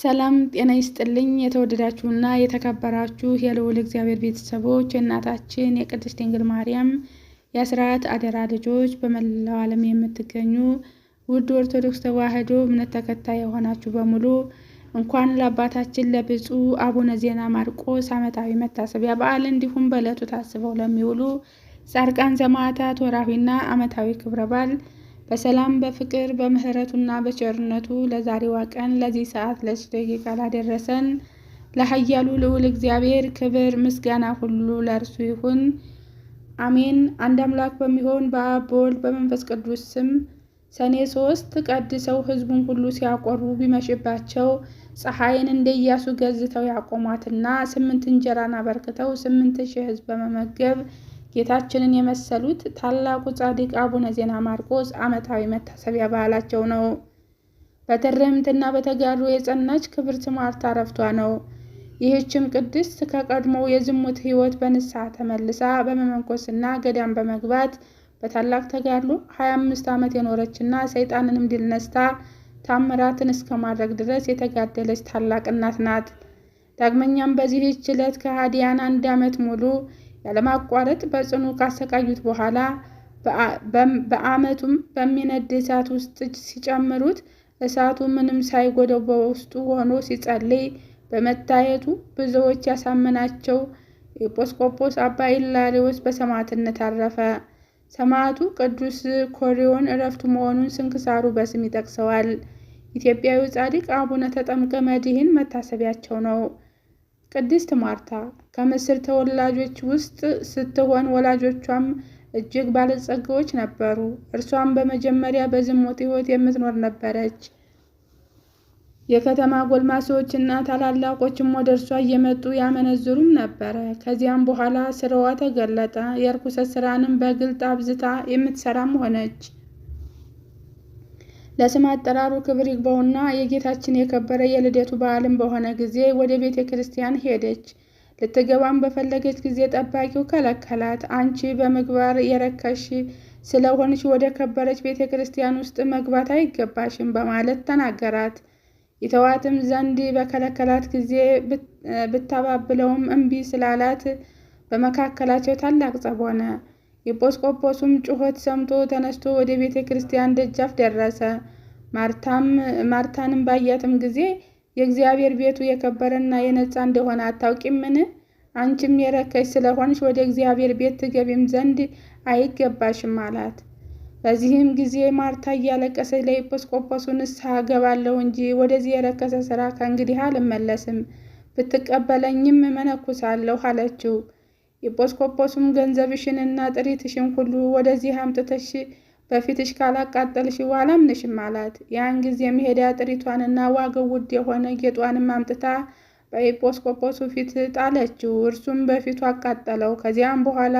ሰላም ጤና ይስጥልኝ። የተወደዳችሁና የተከበራችሁ የልዑል እግዚአብሔር ቤተሰቦች የእናታችን የቅድስት ድንግል ማርያም የአስራት አደራ ልጆች፣ በመላው ዓለም የምትገኙ ውድ ኦርቶዶክስ ተዋሕዶ እምነት ተከታይ የሆናችሁ በሙሉ እንኳን ለአባታችን ለብፁዕ አቡነ ዜና ማርቆስ ዓመታዊ መታሰቢያ በዓል እንዲሁም በዕለቱ ታስበው ለሚውሉ ጻድቃን ዘማዕታት ወርኃዊና ዓመታዊ ክብረ በዓል በሰላም በፍቅር በምህረቱና በቸርነቱ ለዛሬዋ ቀን ለዚህ ሰዓት ለዚህ ደቂቃ ላደረሰን ለኃያሉ ልዑል እግዚአብሔር ክብር ምስጋና ሁሉ ለእርሱ ይሁን፣ አሜን። አንድ አምላክ በሚሆን በአብ በወልድ በመንፈስ ቅዱስ ስም ሰኔ ሶስት ቀድሰው ሕዝቡን ሁሉ ሲያቆርቡ ቢመሽባቸው ፀሐይን እንደ ኢያሱ ገዝተው ያቆሟትና ስምንት እንጀራን አበርክተው ስምንት ሺህ ሕዝብ በመመገብ ጌታችንን የመሰሉት ታላቁ ጻድቅ አቡነ ዜና ማርቆስ ዓመታዊ መታሰቢያ በዓላቸው ነው። በትርምትና በተጋድሎ የጸናች ክብርት ማርታ አረፍቷ ነው። ይህችም ቅድስት ከቀድሞው የዝሙት ሕይወት በንስሐ ተመልሳ በመመንኮስና ገዳም በመግባት በታላቅ ተጋድሎ 25 ዓመት የኖረችና ሰይጣንንም ድል ነስታ ታምራትን እስከ ማድረግ ድረስ የተጋደለች ታላቅ እናት ናት። ዳግመኛም በዚህች ዕለት ከሃዲያን አንድ ዓመት ሙሉ ያለማቋረጥ በጽኑ ካሰቃዩት በኋላ በአመቱም በሚነድ እሳት ውስጥ ሲጨምሩት እሳቱ ምንም ሳይጎደው በውስጡ ሆኖ ሲጸልይ በመታየቱ ብዙዎች ያሳመናቸው ኤጲስቆጶስ አባ ኢላሪዎስ በሰማዕትነት አረፈ። ሰማዕቱ ቅዱስ ኮሪዮን እረፍቱ መሆኑን ስንክሳሩ በስም ይጠቅሰዋል። ኢትዮጵያዊ ጻድቅ አቡነ ተጠምቀ መድኅን መታሰቢያቸው ነው። ቅድስት ማርታ ከምስር ተወላጆች ውስጥ ስትሆን ወላጆቿም እጅግ ባለጸጋዎች ነበሩ። እርሷም በመጀመሪያ በዝሙት ሕይወት የምትኖር ነበረች። የከተማ ጎልማሶችና ታላላቆችም ወደ እርሷ እየመጡ ያመነዝሩም ነበረ። ከዚያም በኋላ ስራዋ ተገለጠ። የርኩሰት ስራንም በግልጥ አብዝታ የምትሰራም ሆነች። ለስም አጠራሩ ክብር ይግባውና የጌታችን የከበረ የልደቱ በዓልም በሆነ ጊዜ ወደ ቤተ ክርስቲያን ሄደች። ልትገባም በፈለገች ጊዜ ጠባቂው ከለከላት። አንቺ በምግባር የረከሽ ስለሆንች ወደ ከበረች ቤተ ክርስቲያን ውስጥ መግባት አይገባሽም በማለት ተናገራት። ይተዋትም ዘንድ በከለከላት ጊዜ ብታባብለውም እምቢ ስላላት በመካከላቸው ታላቅ ጸብ ሆነ። የኤጲስቆጶሱም ጩኸት ሰምቶ ተነስቶ ወደ ቤተ ክርስቲያን ደጃፍ ደረሰ። ማርታንም ባያትም ጊዜ የእግዚአብሔር ቤቱ የከበረና የነጻ እንደሆነ አታውቂምን? አንቺም የረከች ስለሆንሽ ወደ እግዚአብሔር ቤት ትገቢም ዘንድ አይገባሽም አላት። በዚህም ጊዜ ማርታ እያለቀሰች ለኤጲስቆጶሱ ንስሐ እገባለሁ እንጂ ወደዚህ የረከሰ ስራ ከእንግዲህ አልመለስም፣ ብትቀበለኝም እመነኩሳለሁ አለችው። ኤጲስቆጶሱም ገንዘብሽንና ጥሪትሽን ሁሉ ወደዚህ አምጥተሽ በፊትሽ ካላቃጠልሽ አላምንሽም አላት። ያን ጊዜ ሄዳ ጥሪቷንና ዋጋው ውድ የሆነ ጌጧንም አምጥታ በኤጲስቆጶሱ ፊት ጣለችው። እርሱም በፊቱ አቃጠለው። ከዚያም በኋላ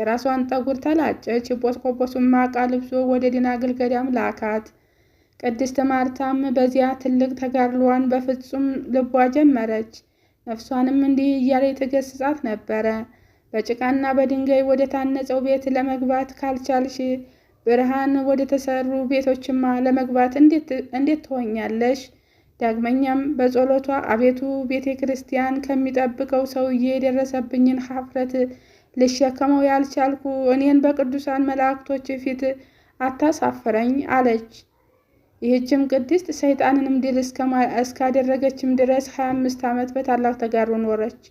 የራሷን ጠጉር ተላጨች። ኤጲስቆጶሱም ማቃ ልብሶ ወደ ደናግል ገዳም ላካት። ቅድስት ማርታም በዚያ ትልቅ ተጋድሏን በፍጹም ልቧ ጀመረች። ነፍሷንም እንዲህ እያለ የተገስጻት ነበረ በጭቃና በድንጋይ ወደ ታነጸው ቤት ለመግባት ካልቻልሽ ብርሃን ወደ ተሰሩ ቤቶችማ ለመግባት እንዴት ትሆኛለሽ? ዳግመኛም በጸሎቷ አቤቱ ቤተ ክርስቲያን ከሚጠብቀው ሰውዬ የደረሰብኝን ሀፍረት ልሸከመው ያልቻልኩ እኔን በቅዱሳን መላእክቶች ፊት አታሳፍረኝ አለች። ይህችም ቅድስት ሰይጣንንም ድል እስካደረገችም ድረስ 25 ዓመት በታላቅ ተጋድሎ ኖረች።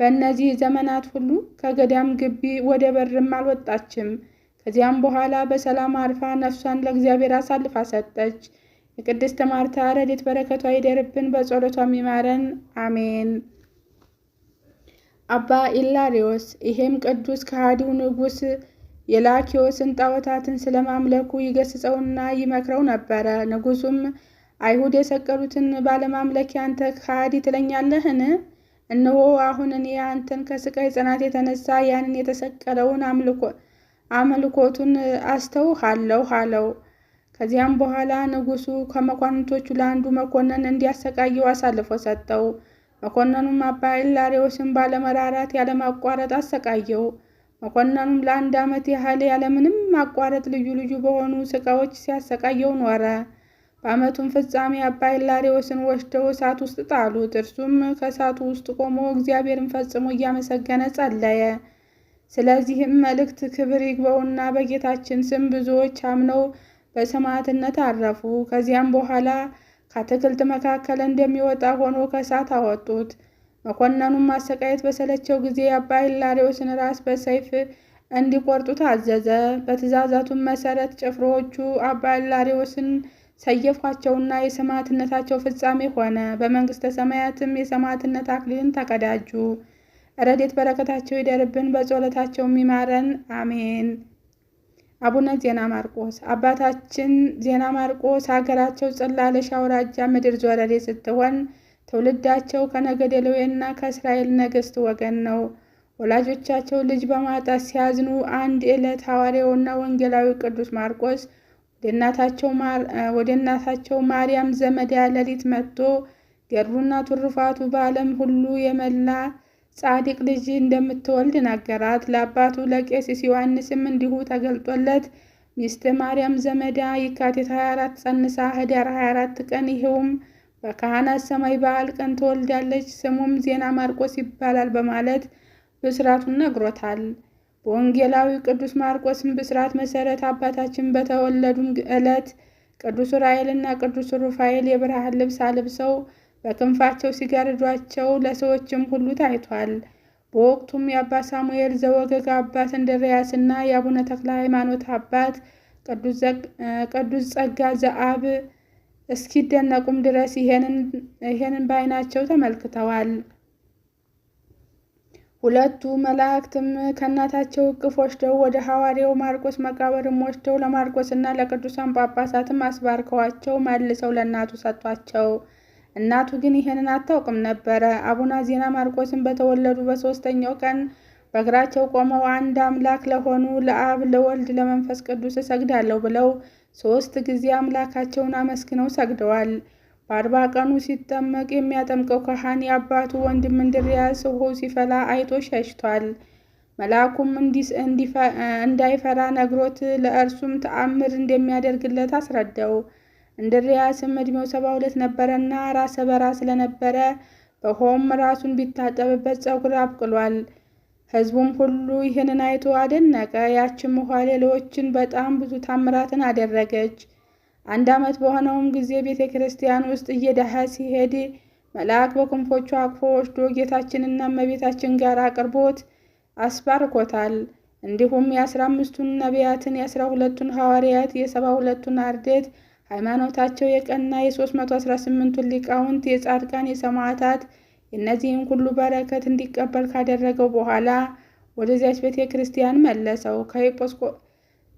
በእነዚህ ዘመናት ሁሉ ከገዳም ግቢ ወደ በርም አልወጣችም። ከዚያም በኋላ በሰላም አርፋ ነፍሷን ለእግዚአብሔር አሳልፋ ሰጠች። የቅድስት ማርታ ረድኤት በረከቷ ይደርብን፣ በጸሎቷ ሚማረን አሜን። አባ ኢላሪዮስ ይሄም ቅዱስ ከሃዲው ንጉሥ የላኪዎስን ጣዖታትን ስለ ማምለኩ ይገስጸውና ይመክረው ነበረ። ንጉሱም አይሁድ የሰቀሉትን ባለማምለኪያ አንተ ከሃዲ ትለኛለህን? እነሆ አሁን እኔ አንተን ከስቃይ ጽናት የተነሳ ያንን የተሰቀለውን አምልኮቱን አስተውሃለሁ አለው። ከዚያም በኋላ ንጉሱ ከመኳንንቶቹ ለአንዱ መኮንን እንዲያሰቃየው አሳልፎ ሰጠው። መኮንኑም አባ ኤላሪዎስን ባለመራራት ያለማቋረጥ አሰቃየው። መኮንኑም ለአንድ ዓመት ያህል ያለምንም ማቋረጥ ልዩ ልዩ በሆኑ ስቃዎች ሲያሰቃየው ኖረ። በዓመቱም ፍጻሜ አባ ሂላሪዎስን ወስደው እሳት ውስጥ ጣሉት። እርሱም ከእሳቱ ውስጥ ቆሞ እግዚአብሔርን ፈጽሞ እያመሰገነ ጸለየ። ስለዚህም መልእክት ክብር ይግባውና በጌታችን ስም ብዙዎች አምነው በሰማዕትነት አረፉ። ከዚያም በኋላ ከአትክልት መካከል እንደሚወጣ ሆኖ ከእሳት አወጡት። መኮንኑም ማሰቃየት በሰለቸው ጊዜ አባ ሂላሪዎስን ራስ በሰይፍ እንዲቆርጡ ታዘዘ። በትእዛዛቱም መሰረት ጭፍሮዎቹ አባ ሂላሪዎስን ሰየፍኳቸውና የሰማዕትነታቸው ፍጻሜ ሆነ። በመንግሥተ ሰማያትም የሰማዕትነት አክሊልን ተቀዳጁ። ረዴት በረከታቸው ይደርብን፣ በጸሎታቸው የሚማረን አሜን። አቡነ ዜና ማርቆስ አባታችን ዜና ማርቆስ ሀገራቸው ጽላለሽ አውራጃ ምድር ዞረሬ ስትሆን ትውልዳቸው ከነገደ ሌዊና ከእስራኤል ነገሥት ወገን ነው። ወላጆቻቸው ልጅ በማጣት ሲያዝኑ አንድ ዕለት ሐዋርያውና ወንጌላዊ ቅዱስ ማርቆስ ወደ እናታቸው ማርያም ዘመዳ ሌሊት መጥቶ ገድሉና ትሩፋቱ በዓለም ሁሉ የመላ ጻድቅ ልጅ እንደምትወልድ ነገራት። ለአባቱ ለቄስ ዮሐንስም እንዲሁ ተገልጦለት ሚስት ማርያም ዘመዳ የካቲት 24 ጸንሳ ህዳር 24 ቀን ይኸውም በካህናት ሰማይ በዓል ቀን ትወልዳለች፣ ስሙም ዜና ማርቆስ ይባላል በማለት ብስራቱን ነግሮታል። በወንጌላዊ ቅዱስ ማርቆስም ብስራት መሰረት አባታችን በተወለዱም ዕለት ቅዱስ ዑራኤልና ቅዱስ ሩፋኤል የብርሃን ልብስ አልብሰው በክንፋቸው ሲጋርዷቸው ለሰዎችም ሁሉ ታይቷል። በወቅቱም የአባ ሳሙኤል ዘወገግ አባት እንድርያስና የአቡነ ተክለ ሃይማኖት አባት ቅዱስ ጸጋ ዘአብ እስኪደነቁም ድረስ ይሄንን በዓይናቸው ተመልክተዋል። ሁለቱ መላእክትም ከእናታቸው እቅፍ ወስደው ወደ ሐዋርያው ማርቆስ መቃብርም ወስደው ለማርቆስና ለቅዱሳን ጳጳሳትም አስባርከዋቸው መልሰው ለእናቱ ሰጧቸው። እናቱ ግን ይህንን አታውቅም ነበረ። አቡነ ዜና ማርቆስም በተወለዱ በሦስተኛው ቀን በእግራቸው ቆመው አንድ አምላክ ለሆኑ ለአብ ለወልድ ለመንፈስ ቅዱስ እሰግዳለሁ ብለው ሦስት ጊዜ አምላካቸውን አመስግነው ሰግደዋል። በአርባ ቀኑ ሲጠመቅ የሚያጠምቀው ካህን የአባቱ ወንድም እንድርያስ ውኃው ሲፈላ አይቶ ሸሽቷል። መልአኩም እንዳይፈራ ነግሮት ለእርሱም ተአምር እንደሚያደርግለት አስረዳው። እንድርያስም ዕድሜው ሰባ ሁለት ነበረና ራሰ በራ ስለነበረ በሆም ራሱን ቢታጠብበት ጸጉር አብቅሏል። ሕዝቡም ሁሉ ይህንን አይቶ አደነቀ። ያችም ውኃ ሌሎችን በጣም ብዙ ታምራትን አደረገች። አንድ ዓመት በሆነውም ጊዜ ቤተ ክርስቲያን ውስጥ እየዳኸ ሲሄድ መልአክ በክንፎቹ አቅፎ ወስዶ ጌታችንና እመቤታችን ጋር አቅርቦት አስባርኮታል። እንዲሁም የአስራ አምስቱን ነቢያትን የአስራ ሁለቱን ሐዋርያት የሰባ ሁለቱን አርዴት ሃይማኖታቸው የቀና የሶስት መቶ አስራ ስምንቱን ሊቃውንት የጻድቃን የሰማዕታት የእነዚህን ሁሉ በረከት እንዲቀበል ካደረገው በኋላ ወደዚያች ቤተ ክርስቲያን መለሰው።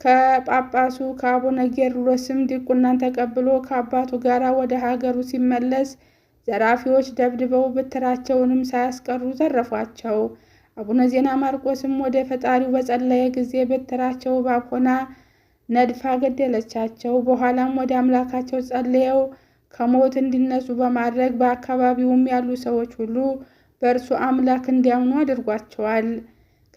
ከጳጳሱ ከአቡነ ጌርሎስም ዲቁናን ተቀብሎ ከአባቱ ጋር ወደ ሀገሩ ሲመለስ ዘራፊዎች ደብድበው ብትራቸውንም ሳያስቀሩ ዘረፏቸው። አቡነ ዜና ማርቆስም ወደ ፈጣሪው በጸለየ ጊዜ ብትራቸው እባብ ሆና ነድፋ ገደለቻቸው። በኋላም ወደ አምላካቸው ጸልየው ከሞት እንዲነሱ በማድረግ በአካባቢውም ያሉ ሰዎች ሁሉ በእርሱ አምላክ እንዲያምኑ አድርጓቸዋል።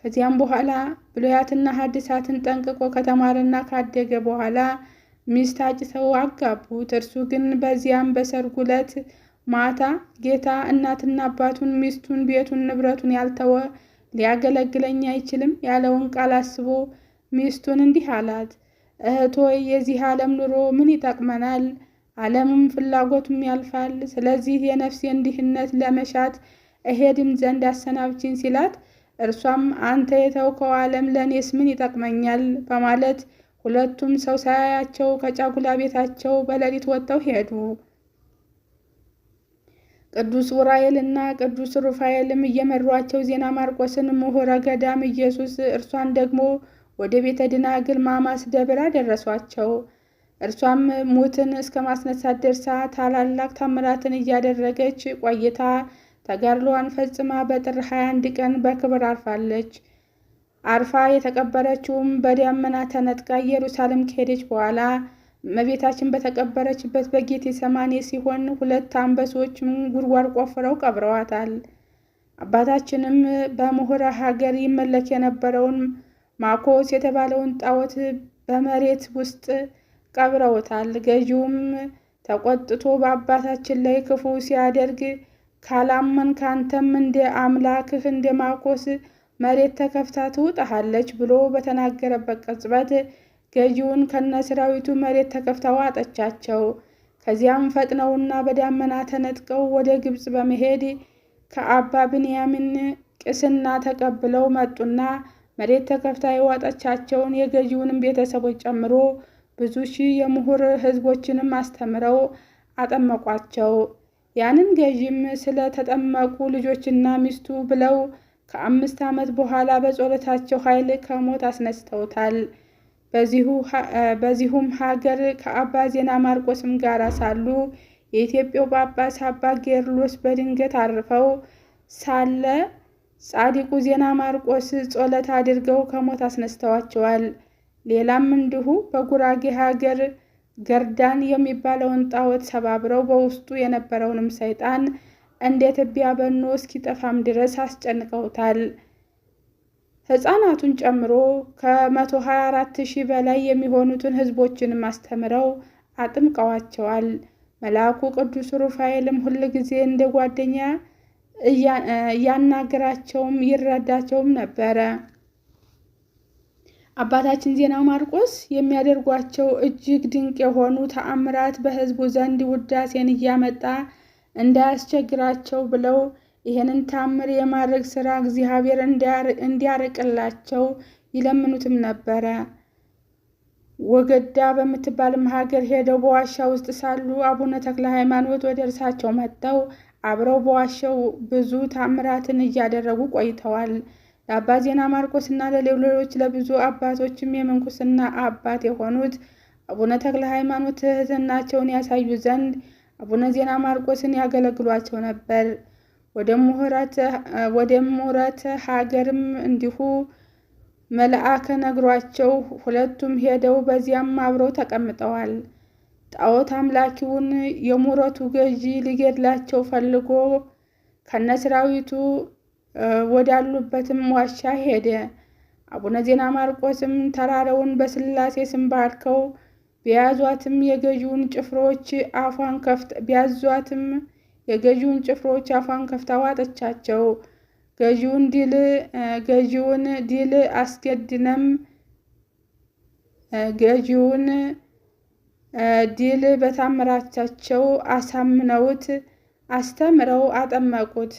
ከዚያም በኋላ ብሉያትና ሐዲሳትን ጠንቅቆ ከተማረና ካደገ በኋላ ሚስት አጭተው አጋቡት። እርሱ ግን በዚያም በሰርጉ ዕለት ማታ ጌታ እናትና አባቱን፣ ሚስቱን፣ ቤቱን፣ ንብረቱን ያልተወ ሊያገለግለኝ አይችልም ያለውን ቃል አስቦ ሚስቱን እንዲህ አላት፣ እህቶይ የዚህ ዓለም ኑሮ ምን ይጠቅመናል? ዓለምም ፍላጎቱም ያልፋል። ስለዚህ የነፍሴን ድህነት ለመሻት እሄድም ዘንድ አሰናብችኝ ሲላት እርሷም አንተ የተውከው ዓለም ለእኔስ ምን ይጠቅመኛል በማለት ሁለቱም ሰው ሳያያቸው ከጫጉላ ቤታቸው በሌሊት ወጥተው ሄዱ። ቅዱስ ዑራኤል እና ቅዱስ ሩፋኤልም እየመሯቸው ዜና ማርቆስን ምሁረ ገዳም ኢየሱስ እርሷን ደግሞ ወደ ቤተ ድናግል ማማስ ደብር አደረሷቸው። እርሷም ሙትን እስከ ማስነሳት ደርሳ ታላላቅ ታምራትን እያደረገች ቆይታ ተጋድሎዋን ፈጽማ በጥር 21 ቀን በክብር አርፋለች። አርፋ የተቀበረችውም በደመና ተነጥቃ ኢየሩሳሌም ከሄደች በኋላ እመቤታችን በተቀበረችበት በጌቴ ሰማኔ ሲሆን ሁለት አንበሶችም ጉድጓድ ቆፍረው ቀብረዋታል። አባታችንም በምሁረ ሀገር ይመለክ የነበረውን ማኮስ የተባለውን ጣዖት በመሬት ውስጥ ቀብረውታል። ገዢውም ተቆጥቶ በአባታችን ላይ ክፉ ሲያደርግ ካላመንክ አንተም እንደ አምላክህ እንደ ማርቆስ መሬት ተከፍታ ትውጠሃለች ብሎ በተናገረበት ቅጽበት ገዢውን ከነሰራዊቱ መሬት ተከፍታ ዋጠቻቸው። ከዚያም ፈጥነውና በዳመና ተነጥቀው ወደ ግብፅ በመሄድ ከአባ ብንያምን ቅስና ተቀብለው መጡና መሬት ተከፍታ የዋጠቻቸውን የገዢውንም ቤተሰቦች ጨምሮ ብዙ ሺህ የምሁር ሕዝቦችንም አስተምረው አጠመቋቸው። ያንን ገዥም ስለ ተጠመቁ ልጆችና ሚስቱ ብለው ከአምስት ዓመት በኋላ በጸሎታቸው ኃይል ከሞት አስነስተውታል። በዚሁም ሀገር ከአባ ዜና ማርቆስም ጋር ሳሉ የኢትዮጵያው ጳጳስ አባ ጌርሎስ በድንገት አርፈው ሳለ ጻዲቁ ዜና ማርቆስ ጸሎት አድርገው ከሞት አስነስተዋቸዋል። ሌላም እንዲሁ በጉራጌ ሀገር ገርዳን የሚባለውን ጣዖት ሰባብረው በውስጡ የነበረውንም ሰይጣን እንደ ትቢያ በኖ እስኪጠፋም ድረስ አስጨንቀውታል። ሕፃናቱን ጨምሮ ከ124 ሺህ በላይ የሚሆኑትን ህዝቦችንም አስተምረው አጥምቀዋቸዋል። መልአኩ ቅዱስ ሩፋኤልም ጊዜ እንደ ጓደኛ እያናገራቸውም ይረዳቸውም ነበረ። አባታችን ዜና ማርቆስ የሚያደርጓቸው እጅግ ድንቅ የሆኑ ተአምራት በሕዝቡ ዘንድ ውዳሴን እያመጣ እንዳያስቸግራቸው ብለው ይህንን ታምር የማድረግ ስራ እግዚአብሔር እንዲያርቅላቸው ይለምኑትም ነበረ። ወገዳ በምትባልም ሀገር ሄደው በዋሻ ውስጥ ሳሉ አቡነ ተክለ ሃይማኖት ወደ እርሳቸው መጥተው አብረው በዋሻው ብዙ ታምራትን እያደረጉ ቆይተዋል። ለአባ ዜና ማርቆስ እና ለሌሎች ለብዙ አባቶችም የምንኩስና አባት የሆኑት አቡነ ተክለ ሃይማኖት ትህትናቸውን ያሳዩ ዘንድ አቡነ ዜና ማርቆስን ያገለግሏቸው ነበር። ወደ ምሁረት ሀገርም እንዲሁ መልአከ ነግሯቸው ሁለቱም ሄደው በዚያም አብረው ተቀምጠዋል። ጣዖት አምላኪውን የሙረቱ ገዢ ሊገድላቸው ፈልጎ ከነስራዊቱ ። ወዳሉበትም ዋሻ ሄደ። አቡነ ዜና ማርቆስም ተራራውን በስላሴ ስም ባርከው ቢያዟትም የገዢውን ጭፍሮች አፏን ከፍት ቢያዟትም የገዥውን ጭፍሮች አፏን ከፍታ ዋጠቻቸው። ገዥውን ድል ገዥውን ድል አስገድነም ገዢውን ድል በታምራቻቸው አሳምነውት አስተምረው አጠመቁት።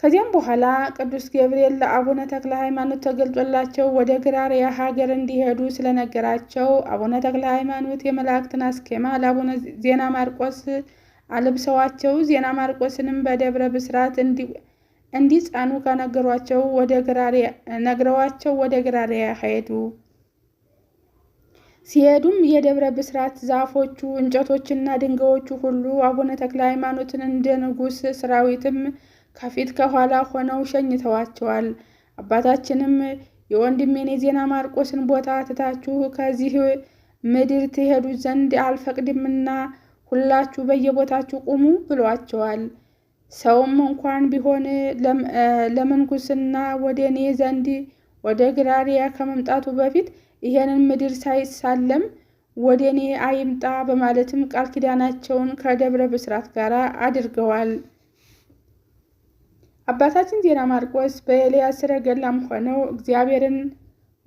ከዚያም በኋላ ቅዱስ ገብርኤል ለአቡነ ተክለ ሃይማኖት ተገልጦላቸው ወደ ግራሪያ ሀገር እንዲሄዱ ስለነገራቸው አቡነ ተክለ ሃይማኖት የመላእክትን አስኬማ ለአቡነ ዜና ማርቆስ አልብሰዋቸው ዜና ማርቆስንም በደብረ ብስራት እንዲጻኑ ከነገሯቸው ነግረዋቸው ወደ ግራሪያ ሄዱ። ሲሄዱም የደብረ ብስራት ዛፎቹ እንጨቶችና ድንጋዮቹ ሁሉ አቡነ ተክለ ሃይማኖትን እንደ ንጉሥ ሰራዊትም ከፊት ከኋላ ሆነው ሸኝተዋቸዋል። አባታችንም የወንድሜን የዜና ማርቆስን ቦታ ትታችሁ ከዚህ ምድር ትሄዱ ዘንድ አልፈቅድምና ሁላችሁ በየቦታችሁ ቁሙ ብሏቸዋል። ሰውም እንኳን ቢሆን ለምንኩስና ወደ እኔ ዘንድ ወደ ግራሪያ ከመምጣቱ በፊት ይሄንን ምድር ሳይሳለም ወደ እኔ አይምጣ በማለትም ቃል ኪዳናቸውን ከደብረ ብስራት ጋር አድርገዋል። አባታችን ዜና ማርቆስ በኤልያስ ሰረገላም ሆነው እግዚአብሔርን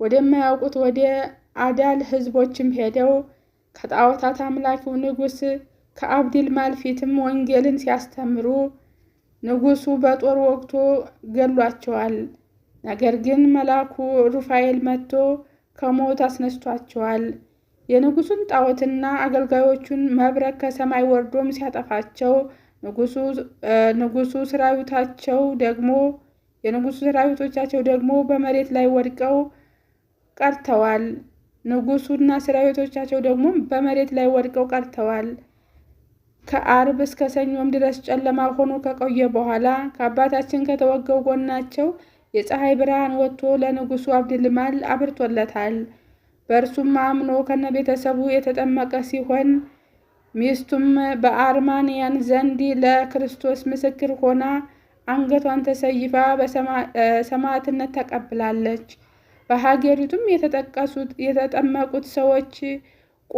ወደማያውቁት ወደ አዳል ሕዝቦችም ሄደው ከጣዖታት አምላኪው ንጉስ ከአብዲል ማልፊትም ወንጌልን ሲያስተምሩ ንጉሱ በጦር ወግቶ ገሏቸዋል። ነገር ግን መልአኩ ሩፋኤል መጥቶ ከሞት አስነስቷቸዋል። የንጉሱን ጣዖትና አገልጋዮቹን መብረክ ከሰማይ ወርዶም ሲያጠፋቸው ንጉሱ ሰራዊታቸው ደግሞ የንጉሱ ሰራዊቶቻቸው ደግሞ በመሬት ላይ ወድቀው ቀርተዋል። ንጉሱና ሰራዊቶቻቸው ደግሞ በመሬት ላይ ወድቀው ቀርተዋል። ከአርብ እስከ ሰኞም ድረስ ጨለማ ሆኖ ከቆየ በኋላ ከአባታችን ከተወገው ጎናቸው የፀሐይ ብርሃን ወጥቶ ለንጉሱ አብድልማል አብርቶለታል። በእርሱም አምኖ ከነ ቤተሰቡ የተጠመቀ ሲሆን ሚስቱም በአርማንያን ዘንድ ለክርስቶስ ምስክር ሆና አንገቷን ተሰይፋ በሰማዕትነት ተቀብላለች። በሀገሪቱም የተጠቀሱት የተጠመቁት ሰዎች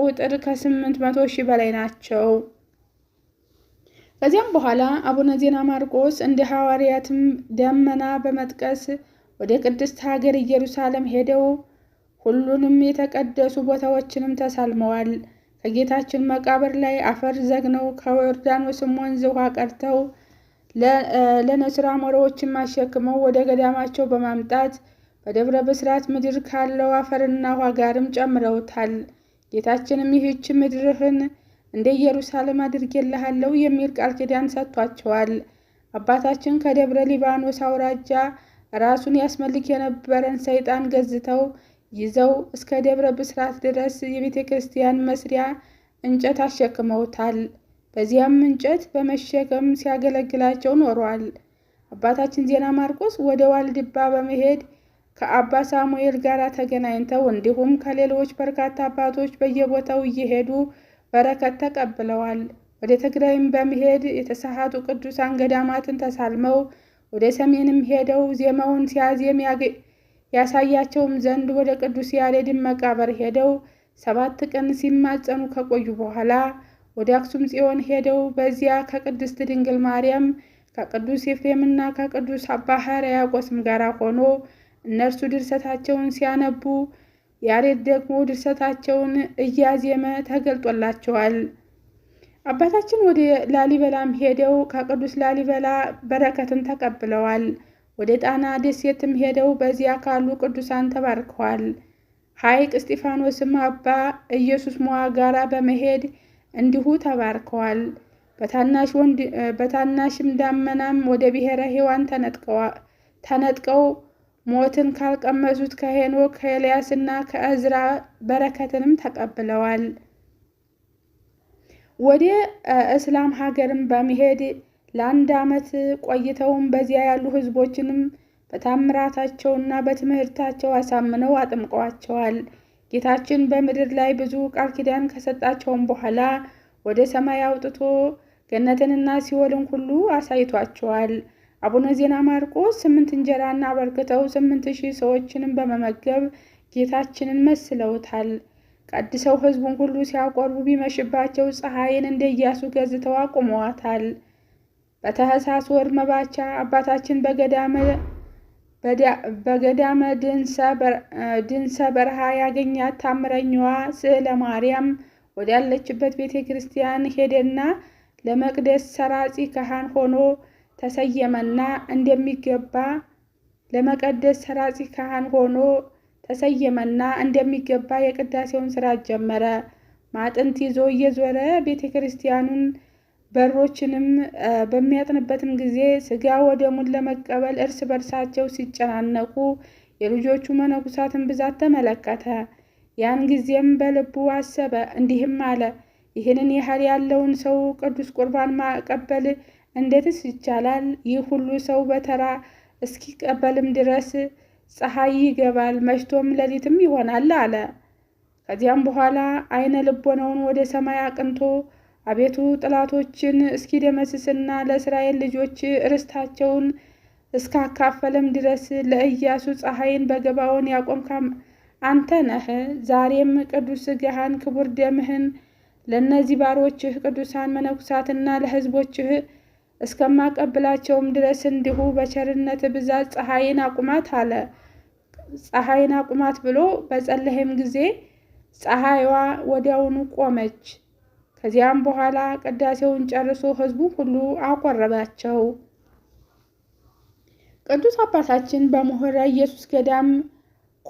ቁጥር ከስምንት መቶ ሺህ በላይ ናቸው። ከዚያም በኋላ አቡነ ዜና ማርቆስ እንደ ሐዋርያትም ደመና በመጥቀስ ወደ ቅድስት ሀገር ኢየሩሳሌም ሄደው ሁሉንም የተቀደሱ ቦታዎችንም ተሳልመዋል። ከጌታችን መቃብር ላይ አፈር ዘግነው ከዮርዳኖስም ወንዝ ውሃ ቀድተው ለነስራ ሞሮዎችም አሸክመው ወደ ገዳማቸው በማምጣት በደብረ ብስራት ምድር ካለው አፈርና ውሃ ጋርም ጨምረውታል። ጌታችንም ይህች ምድርህን እንደ ኢየሩሳሌም አድርጌልሃለሁ የሚል ቃል ኪዳን ሰጥቷቸዋል። አባታችን ከደብረ ሊባኖስ አውራጃ ራሱን ያስመልክ የነበረን ሰይጣን ገዝተው ይዘው እስከ ደብረ ብስራት ድረስ የቤተ ክርስቲያን መስሪያ እንጨት አሸክመውታል። በዚያም እንጨት በመሸከም ሲያገለግላቸው ኖሯል። አባታችን ዜና ማርቆስ ወደ ዋልድባ በመሄድ ከአባ ሳሙኤል ጋር ተገናኝተው እንዲሁም ከሌሎች በርካታ አባቶች በየቦታው እየሄዱ በረከት ተቀብለዋል። ወደ ትግራይም በመሄድ የተሰሃቱ ቅዱሳን ገዳማትን ተሳልመው ወደ ሰሜንም ሄደው ዜማውን ሲያዜም ያሳያቸውም ዘንድ ወደ ቅዱስ ያሬድን መቃብር ሄደው ሰባት ቀን ሲማጸኑ ከቆዩ በኋላ ወደ አክሱም ጽዮን ሄደው በዚያ ከቅድስት ድንግል ማርያም ከቅዱስ ኤፍሬምና ከቅዱስ አባ ሕርያቆስም ጋር ሆኖ እነርሱ ድርሰታቸውን ሲያነቡ ያሬድ ደግሞ ድርሰታቸውን እያዜመ ተገልጦላቸዋል። አባታችን ወደ ላሊበላም ሄደው ከቅዱስ ላሊበላ በረከትን ተቀብለዋል። ወደ ጣና ደሴትም ሄደው በዚያ ካሉ ቅዱሳን ተባርከዋል። ሐይቅ እስጢፋኖስም አባ ኢየሱስ ሞዓ ጋራ በመሄድ እንዲሁ ተባርከዋል። በታናሽም ዳመናም ወደ ብሔረ ሕያዋን ተነጥቀው ሞትን ካልቀመሱት ከሄኖክ ከኤልያስና ከእዝራ በረከትንም ተቀብለዋል። ወደ እስላም ሀገርም በመሄድ ለአንድ ዓመት ቆይተውም በዚያ ያሉ ሕዝቦችንም በታምራታቸውና በትምህርታቸው አሳምነው አጥምቀዋቸዋል። ጌታችን በምድር ላይ ብዙ ቃል ኪዳን ከሰጣቸውም በኋላ ወደ ሰማይ አውጥቶ ገነትንና ሲኦልን ሁሉ አሳይቷቸዋል። አቡነ ዜና ማርቆስ ስምንት እንጀራና አበርክተው ስምንት ሺህ ሰዎችንም በመመገብ ጌታችንን መስለውታል። ቀድሰው ሕዝቡን ሁሉ ሲያቆርቡ ቢመሽባቸው ፀሐይን እንደ ኢያሱ ገዝተው አቁመዋታል። በታኅሳስ ወር መባቻ አባታችን በገዳመ ድንሰ በረሃ ያገኛት ታምረኛዋ ስዕለ ማርያም ወዳለችበት ቤተ ክርስቲያን ሄደና ለመቅደስ ሰራጺ ካህን ሆኖ ተሰየመና እንደሚገባ ለመቀደስ ሰራጺ ካህን ሆኖ ተሰየመና እንደሚገባ የቅዳሴውን ስራ ጀመረ። ማጥንት ይዞ እየዞረ ቤተ ክርስቲያኑን በሮችንም በሚያጥንበትም ጊዜ ስጋ ወደሙን ለመቀበል እርስ በርሳቸው ሲጨናነቁ የልጆቹ መነኩሳትን ብዛት ተመለከተ። ያን ጊዜም በልቡ አሰበ፣ እንዲህም አለ ይህንን ያህል ያለውን ሰው ቅዱስ ቁርባን ማቀበል እንዴትስ ይቻላል? ይህ ሁሉ ሰው በተራ እስኪቀበልም ድረስ ፀሐይ ይገባል፣ መሽቶም ሌሊትም ይሆናል አለ። ከዚያም በኋላ አይነ ልቦናውን ወደ ሰማይ አቅንቶ አቤቱ ጠላቶችን እስኪደመስስና ለእስራኤል ልጆች ርስታቸውን እስካካፈለም ድረስ ለኢያሱ ፀሐይን በገባውን ያቆምካ አንተ ነህ። ዛሬም ቅዱስ ሥጋህን ክቡር ደምህን ለእነዚህ ባሮችህ ቅዱሳን መነኩሳትና ለሕዝቦችህ እስከማቀብላቸውም ድረስ እንዲሁ በቸርነት ብዛት ፀሐይን አቁማት አለ። ፀሐይን አቁማት ብሎ በጸለሄም ጊዜ ፀሐይዋ ወዲያውኑ ቆመች። ከዚያም በኋላ ቅዳሴውን ጨርሶ ህዝቡ ሁሉ አቆረባቸው። ቅዱስ አባታችን በምሁረ ኢየሱስ ገዳም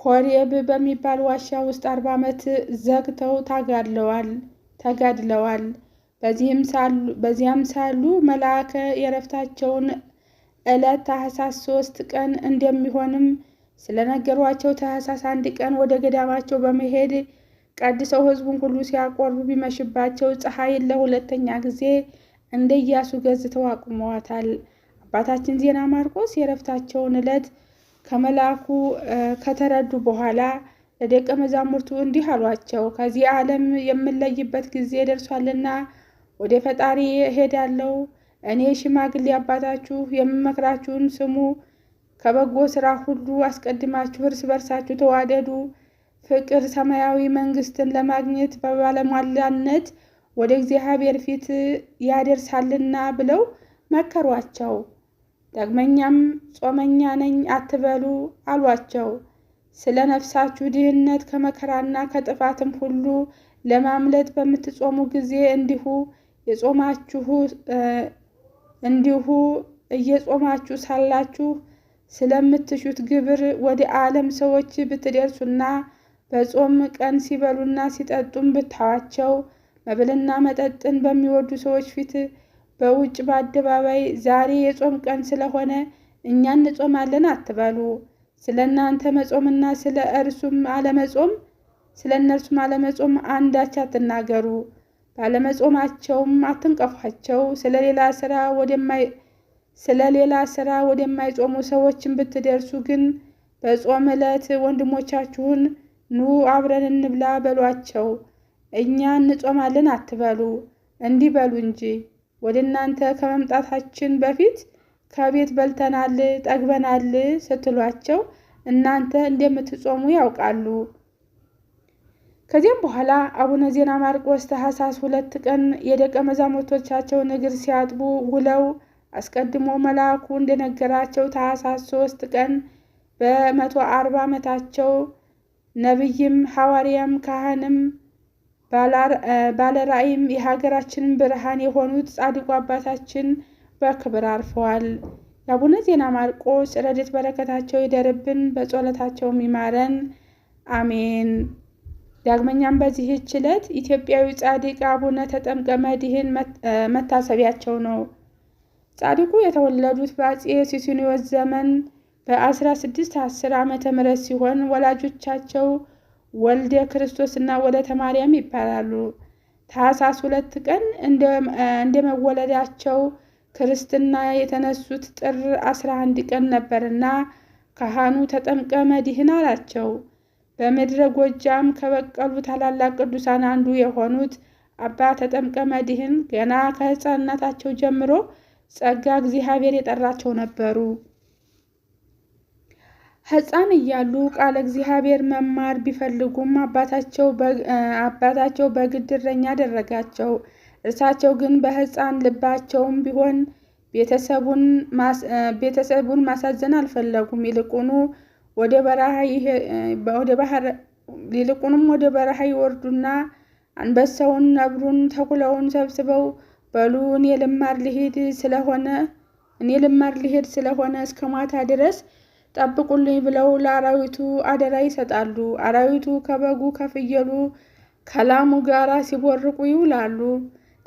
ኮሬብ በሚባል ዋሻ ውስጥ አርባ ዓመት ዘግተው ታጋድለዋል ተጋድለዋል። በዚያም ሳሉ መልአከ የረፍታቸውን ዕለት ታህሳስ ሶስት ቀን እንደሚሆንም ስለነገሯቸው ታህሳስ አንድ ቀን ወደ ገዳማቸው በመሄድ ቀድሰው ህዝቡን ሁሉ ሲያቆርቡ ቢመሽባቸው ፀሐይን ለሁለተኛ ጊዜ እንደ ኢያሱ ገዝተው አቁመዋታል። አባታችን ዜና ማርቆስ የረፍታቸውን ዕለት ከመላኩ ከተረዱ በኋላ ለደቀ መዛሙርቱ እንዲህ አሏቸው፣ ከዚህ ዓለም የምለይበት ጊዜ ደርሷልና ወደ ፈጣሪ ሄዳለው እኔ ሽማግሌ አባታችሁ የምመክራችሁን ስሙ። ከበጎ ስራ ሁሉ አስቀድማችሁ እርስ በርሳችሁ ተዋደዱ ፍቅር ሰማያዊ መንግስትን ለማግኘት በባለሟላነት ወደ እግዚአብሔር ፊት ያደርሳልና ብለው መከሯቸው። ዳግመኛም ጾመኛ ነኝ አትበሉ አሏቸው። ስለ ነፍሳችሁ ድህነት ከመከራና ከጥፋትም ሁሉ ለማምለጥ በምትጾሙ ጊዜ እንዲሁ የጾማችሁ እንዲሁ እየጾማችሁ ሳላችሁ ስለምትሹት ግብር ወደ ዓለም ሰዎች ብትደርሱና በጾም ቀን ሲበሉና ሲጠጡም ብታዋቸው መብልና መጠጥን በሚወዱ ሰዎች ፊት በውጭ በአደባባይ ዛሬ የጾም ቀን ስለሆነ እኛ እንጾማለን አትበሉ። ስለ እናንተ መጾምና ስለ እርሱም አለመጾም ስለ እነርሱም አለመጾም አንዳች አትናገሩ። ባለመጾማቸውም አትንቀፏቸው። ስለሌላ ስራ ወደማይ ስለ ሌላ ስራ ወደማይጾሙ ሰዎችን ብትደርሱ ግን በጾም ዕለት ወንድሞቻችሁን ኑ አብረን እንብላ በሏቸው። እኛ እንጾማለን አትበሉ፣ እንዲህ በሉ እንጂ ወደ እናንተ ከመምጣታችን በፊት ከቤት በልተናል ጠግበናል ስትሏቸው እናንተ እንደምትጾሙ ያውቃሉ። ከዚያም በኋላ አቡነ ዜና ማርቆስ ታኅሳስ ሁለት ቀን የደቀ መዛሙርቶቻቸውን እግር ሲያጥቡ ውለው አስቀድሞ መልአኩ እንደነገራቸው ታኅሳስ ሶስት ቀን በመቶ አርባ ዓመታቸው ነቢይም ሐዋርያም ካህንም ባለራእይም የሀገራችንን ብርሃን የሆኑት ጻድቁ አባታችን በክብር አርፈዋል። የአቡነ ዜና ማርቆስ ረድኤት በረከታቸው ይደርብን፣ በጸሎታቸውም ይማረን፣ አሜን። ዳግመኛም በዚህች ዕለት ኢትዮጵያዊ ጻድቅ አቡነ ተጠምቀ መድኅን መታሰቢያቸው ነው። ጻድቁ የተወለዱት በአጼ ሲሲኒዮስ ዘመን በ1610 ዓ ም ሲሆን ወላጆቻቸው ወልደ ክርስቶስ እና ወለተ ማርያም ይባላሉ። ታኅሳስ ሁለት ቀን እንደ መወለዳቸው ክርስትና የተነሱት ጥር 11 ቀን ነበርና ካህኑ ተጠምቀ መድህን አላቸው። በምድረ ጎጃም ከበቀሉ ታላላቅ ቅዱሳን አንዱ የሆኑት አባ ተጠምቀ መድህን ገና ከሕፃንነታቸው ጀምሮ ጸጋ እግዚአብሔር የጠራቸው ነበሩ። ሕፃን እያሉ ቃለ እግዚአብሔር መማር ቢፈልጉም አባታቸው በግድ እረኛ አደረጋቸው። እርሳቸው ግን በሕፃን ልባቸውም ቢሆን ቤተሰቡን ማሳዘን አልፈለጉም። ይልቁንም ወደ በረሃ ይወርዱና አንበሳውን፣ ነብሩን፣ ተኩላውን ሰብስበው በሉ እኔ ልማር ልሄድ ስለሆነ እስከ ማታ ድረስ ጠብቁልኝ ብለው ለአራዊቱ አደራ ይሰጣሉ። አራዊቱ ከበጉ ከፍየሉ ከላሙ ጋር ሲቦርቁ ይውላሉ።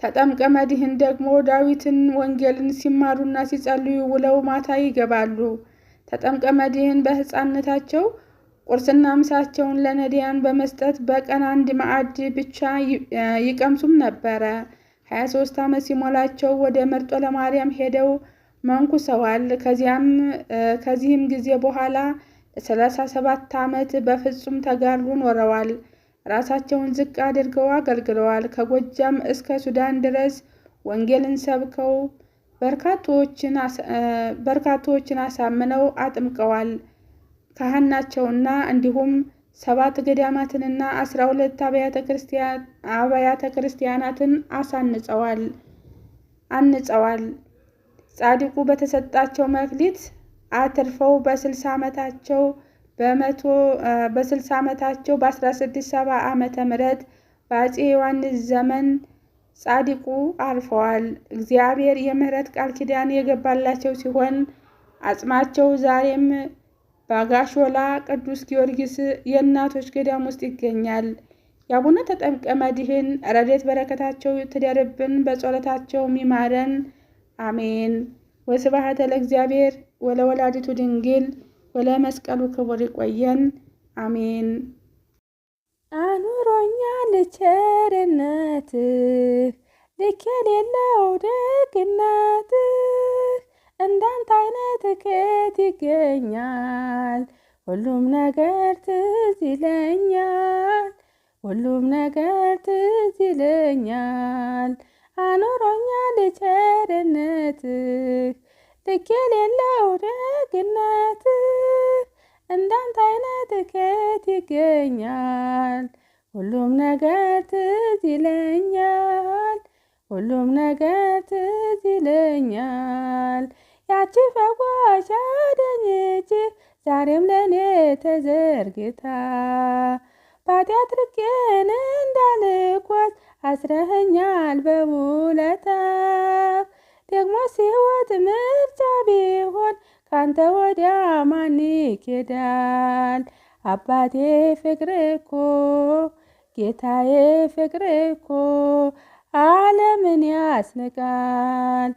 ተጠምቀ መድህን ደግሞ ዳዊትን ወንጌልን ሲማሩና ሲጸልዩ ውለው ማታ ይገባሉ። ተጠምቀ መድህን በሕፃንነታቸው ቁርስና ምሳቸውን ለነዳያን በመስጠት በቀን አንድ ማዕድ ብቻ ይቀምሱም ነበረ። 23 ዓመት ሲሞላቸው ወደ መርጦ ለማርያም ሄደው መንኩሰዋል። ከዚህም ጊዜ በኋላ ለሰላሳ ሰባት ዓመት በፍጹም ተጋድሎ ኖረዋል። ራሳቸውን ዝቅ አድርገው አገልግለዋል። ከጎጃም እስከ ሱዳን ድረስ ወንጌልን ሰብከው በርካቶችን አሳምነው አጥምቀዋል። ካህናቸውና እንዲሁም ሰባት ገዳማትንና አስራ ሁለት አብያተ ክርስቲያናትን አሳንጸዋል አንጸዋል። ጻድቁ በተሰጣቸው መክሊት አትርፈው በ60 ዓመታቸው በመቶ በ60 ዓመታቸው በ1670 ዓመተ ምህረት በአፄ ዮሐንስ ዘመን ጻድቁ አርፈዋል። እግዚአብሔር የምህረት ቃል ኪዳን የገባላቸው ሲሆን አጽማቸው ዛሬም ባጋሾላ ቅዱስ ጊዮርጊስ የእናቶች ገዳም ውስጥ ይገኛል። የአቡነ ተጠምቀ መድኅን ረድኤት በረከታቸው ትደርብን፣ በጸሎታቸው ሚማረን ። አሜን። ወስብሐት ለእግዚአብሔር ወለወላዲቱ ድንግል ወለመስቀሉ ክቡር። ይቆየን። አሜን። አኑሮኛ ልቸርነትህ ልክ የሌለው ደግነትህ እንዳንተ አይነት ከየት ይገኛል? ሁሉም ነገር ትዝ ይለኛል፣ ሁሉም ነገር ትዝ ይለኛል። አኖሮኛል ቸርነትህ ልክ የሌለው ደግነትህ እንዳንተ አይነት ከየት ይገኛል? ሁሉም ነገር ትዝ ይለኛል፣ ሁሉም ነገር ትዝ ይለኛል። ያቺ ፈዋሽ አዳኝ እጅህ ዛሬም ለእኔ ተዘርግታ ባቴ አትርቄን እንዳልኳት አስረኸኛል በውለታህ። ደግሞ ሲወት ምርጫ ቢሆን ካንተ ወዲያ ማን ይኬዳል? አባቴ ፍቅር እኮ ጌታዬ ፍቅር እኮ ዓለምን ያስንቃል።